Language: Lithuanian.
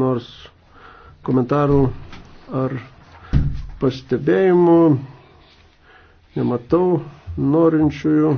nors komentarų ar pastebėjimų. Nematau norinčiųjų